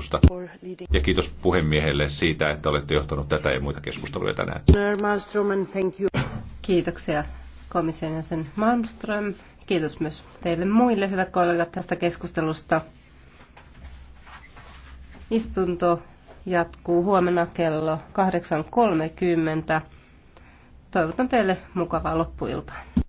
keskustelusta. Ja kiitos puhemiehelle siitä, että olette johtanut tätä ja muita keskusteluja tänään. Kiitoksia komission jäsen Malmström. Kiitos myös teille muille, hyvät kollegat, tästä keskustelusta. Istunto jatkuu huomenna kello 8.30. Toivotan teille mukavaa loppuiltaa.